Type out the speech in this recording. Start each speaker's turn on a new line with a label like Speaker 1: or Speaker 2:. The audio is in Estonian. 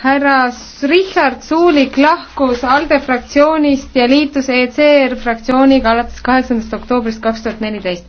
Speaker 1: härra Richard Suulik lahkus ALDE fraktsioonist ja liitus ECR fraktsiooniga alates kaheksandast oktoobrist kaks tuhat neliteist.